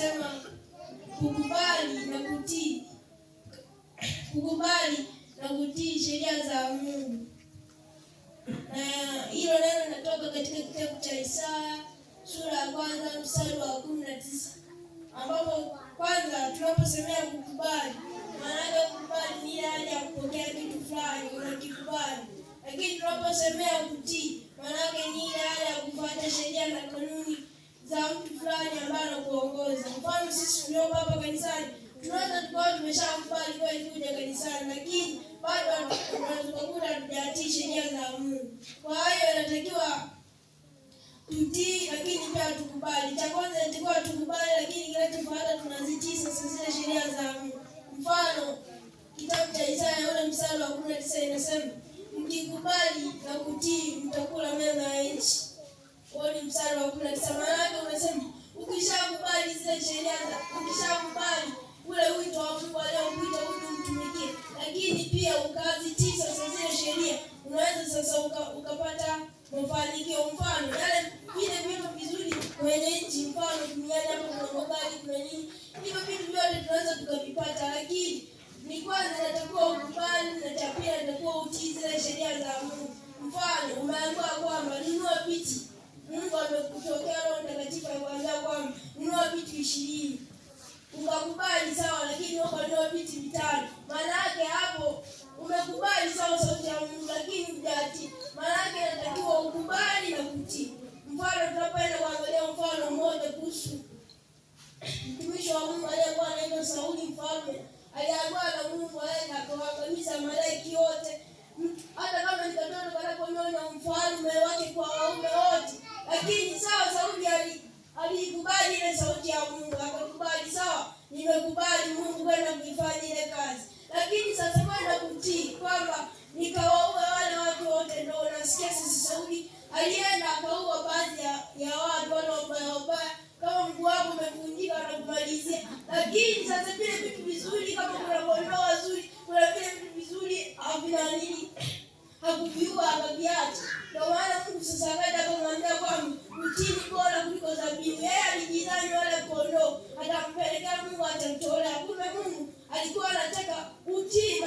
anasema kukubali na kutii, kukubali na kutii sheria za Mungu, na hilo neno natoka katika kitabu cha Isaya sura ya kwanza mstari wa kumi na tisa ambapo kwanza tunaposemea kukubali, maana yake kukubali ni ile hali ya kupokea kitu fulani unakikubali, lakini tunaposemea kutii, maana yake ni ile hali ya kufuata sheria na kanuni za mtu fulani ambaye anakuongoza. Mfano sisi tulioko hapa kanisani tunaweza tukawa tumeshakubali kweli kuja kanisani, lakini bado tukakuta hatujatii sheria za Mungu. Kwa hiyo inatakiwa mtii, lakini pia tukubali. Cha kwanza inatakiwa tukubali, lakini kinachofuata tunazitii sasa zile sheria za Mungu. Mfano kitabu cha Isaya ule mstari wa kumi na tisa inasema mkikubali na kutii mtakula mema ya nchi. Huo ni mstari wa kumi na tisa. sasa ukapata mafanikio. Mfano yale vile vitu vizuri kwenye nchi, mfano duniani hapo kuna magari, kuna nini, hivyo vitu vyote tunaweza tukavipata, lakini ni kwanza natakuwa ukubali na cha pili natakuwa sheria za Mungu mfano Mtumishi wa Mungu aliyekuwa anaitwa Sauli mfalme aliagua na Mungu aenda akawaangamiza malaiki wote, hata kama ni katoto kanaponyonya mfalme wake kwa waume wote. Lakini sawa, Sauli alikubali ile sauti ya Mungu, akakubali sawa, nimekubali lakini sasa vile vitu vizuri kama kuna kondoo wazuri, kuna vile vitu vizuri havina nini, hakuviua akaviacha. Ndio maana Mungu sasa akaja akamwambia kwamba mtini bora kuliko zabibu. Yeye alijidhani wale kondoo atampelekea Mungu atamtolea, kumbe Mungu alikuwa anataka utii